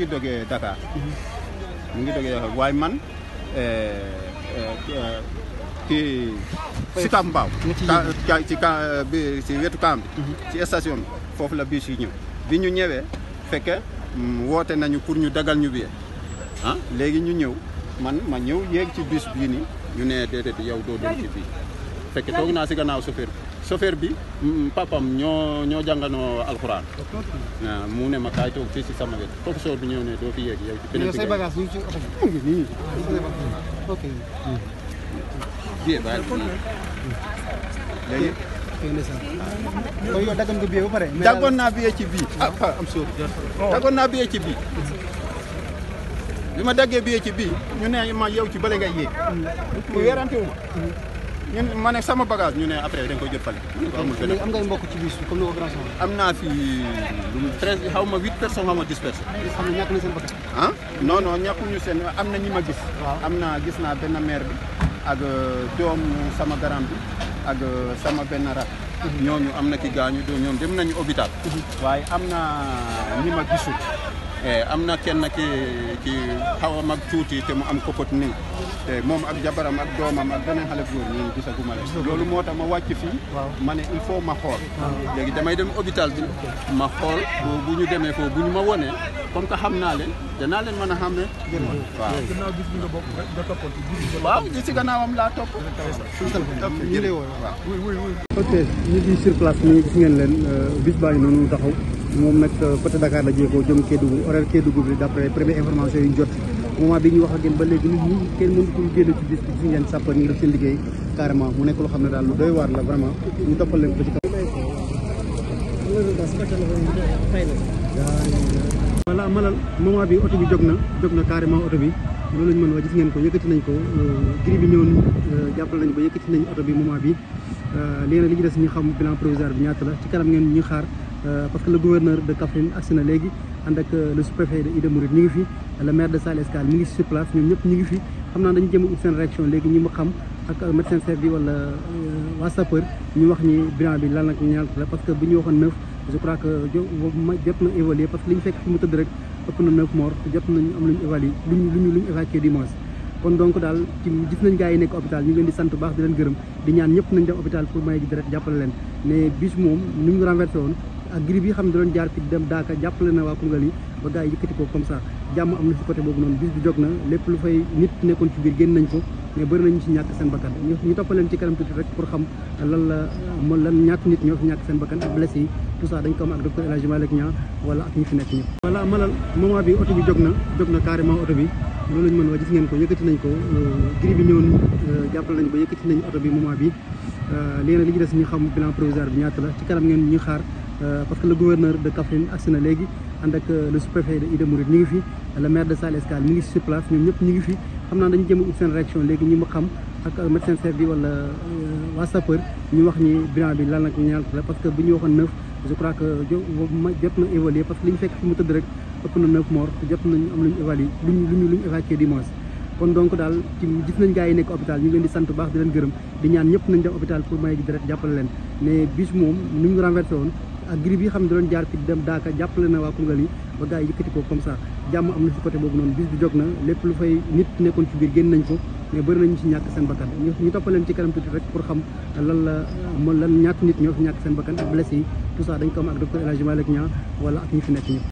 ngi dogee Dakar. mu ngi dogee Dakar waaye man. Eh, eh, ci Sicap Mbao. ci ka bi ci wetu kaam bi. Mhm. ci station bi foofu la bus yi ñëw. bi ñu ñëwee fekke mm, woote nañu pour ñu dagal ñu billet ah léegi ñu ñëw man ma ñëw yéeg ci bus bii ni ñu ne déedéet yow doo ci bii. fekk toog naa si gannaaw chauffeur bi chauffeur bi mm, papam ñoo ñoo jànganoo alxuraan mu ne ma kaay toog fii si sama wet professeur bi ñëw ne doo fi yegg yow ci beneen say bagage ñu ci oto bi ngi nii ah, naa ci bii ah am ah, sóor daggoon naa bi ma daggee billet ci bii ñu ma yow ci bële ngay yéeg. Mm. mu weerante ma. Mm. ñun ma ne sama bagage ñu ne après dañ koy jël fale. léegi am ngay mbokk ci bis comme ni am naa fi lu mu xaw ma huit personnes xaw ma dix personnes. xam ne ñàkk na seen bakkan. ah non ñàkkuñu seen am na ñi ma gis. waaw am naa gis naa benn maire bi ak euh, doom sama garam bi ak euh, sama benn rat. Mhm. ñooñu am na ki gaañu ñoom dem nañu hôpital. Mhm. waaye am naa ñi ma gisut. Eh, am na kenn ki ki xaw a mag tuuti te mu am cocotte nii te eh, moom ak jabaram ak doomam ak beneen xale góor ñun gisaguma leen loolu moo tax ma wàcc fii ma ne il faut ma xool léegi damay dem hôpital bi ma xool bu ñu demee foofu bu ñu ma wonee comme que xam naa leen danaa leen mën a xàmmee waaw gannaaw gis bi nga bokk nga toppoon waaw gi si gannaawam laa topp ñu lay woon waaw ok ñu ngi sur place nii gis ngeen leen euh, bis baa ngi noonu taxaw moom nag euh, côté Dakar la jéego jëm Kédougou horaire Kédougou bi d'après première information yi jot moment bi ñu wax ak yéen ba léegi nit ñi kenn mënu ko génn ci bis bi gis ngeen sapeur ñu ngi def seen liggéey carrément mu nekk loo xam ne daal lu doy waar la vraiment ñu toppal leen ko ci voilà malal bi oto bi jóg na jóg na carrément oto bi loolu lañ mën wax gis ngeen ko yëkkati nañ ko euh, gri bi ñëw nañ euh, jàppal nañ ko yëkkati nañ oto bi moment bi léegi nag li ci des ñu xam bilan provisoire bi ñaata la ci kanam ngeen ñu xaar Euh, parce que le gouverneur de Kaffrine agsi na léegi ànd ak euh, le sous-préfet de Ida Mouride ñu ngi fi le maire de Saly Escale mi ngi sur place ñoom ñëpp ñu ngi fi xam naa dañu jëm ut seen réaction léegi ñi ma xam ak euh, médecin chef bi wala waa ñu wax ñi bilan bi lan ak ñaata la parce que bu ñu waxoon neuf je crois que jot na évaluer parce que li ñu fekk fi mu tëdd rek ëpp na neuf morts jot nañu am lu évaluer lu ñu lu ñu évacuer du moins kon donc daal ci gis nañ gars yi nekk hôpital sant baax di leen gërëm di ñaan ñëpp leen mais bis moom woon ak grippe yi xam ne doon jaar fi daaka jàppale na waa Koungheul ba gars yëkkati ko comme ça jàmm am na si côté boobu noonu bis bi jog na lépp lu fay nit nekkoon ci biir génn nañ ko mais bëri nañu si ñàkk seen bakkan ñu toppaleen ci kanam tuuti rek ñàkk seen bakkan ak blessé dañ ko am ak docteur El Hadji Malick Niang wala ak ñi fi nekk ñëpp voilà malal moment bi oto bi jog na jog na carrément oto bi loolu lañ mën wax gis ngeen ko yëkkati nañ ko euh, grippe bi ñëw euh, jàppale nañ ba yëkkati nañ oto bi moment bi euh, li la ci kanam ngeen xaar Euh, parce que le gouverneur de Kaffrine agsi na léegi ànd ak euh, le sous de Ida Mouride ñu ngi fi le maire de Saly Escale ñu ngi sur ñoom ñëpp ñu ngi fi xam naa dañu jëm ut seen réaction léegi ñi ma xam ak euh, médecin chef bi wala waa ñu wax ñi bilan bi lan la ko ñaanal la parce que bu ñu waxoon neuf je crois que jot na évaluer parce que li ñu fekk fi mu tëdd rek ëpp na neuf morts jot nañu am lu ñu évaluer lu ñu lu ñu lu daal ci gis nañ gars yi leen di sant bu baax di leen gërëm di ñaan leen mais bis woon ak grippe yi xam ne da doon jaar fi dem daaka jàppale na waa Koungheul yi ba gars yi ko comme ça jàmm am na ci côté boobu noonu bis bi jóg na lépp lu fay nit nekkoon ci biir génn nañ ko mais bëri nañu ci ñàkk seen bakkan ñu toppaleen ci kanam tuuti rek pour xam lan la lan ñaata nit ñoo fi ñàkk seen bakkan ak blessé yi tout ça dañ ko am ak docteur El Hadji Malick Niang ak ñi fi nekk ñëpp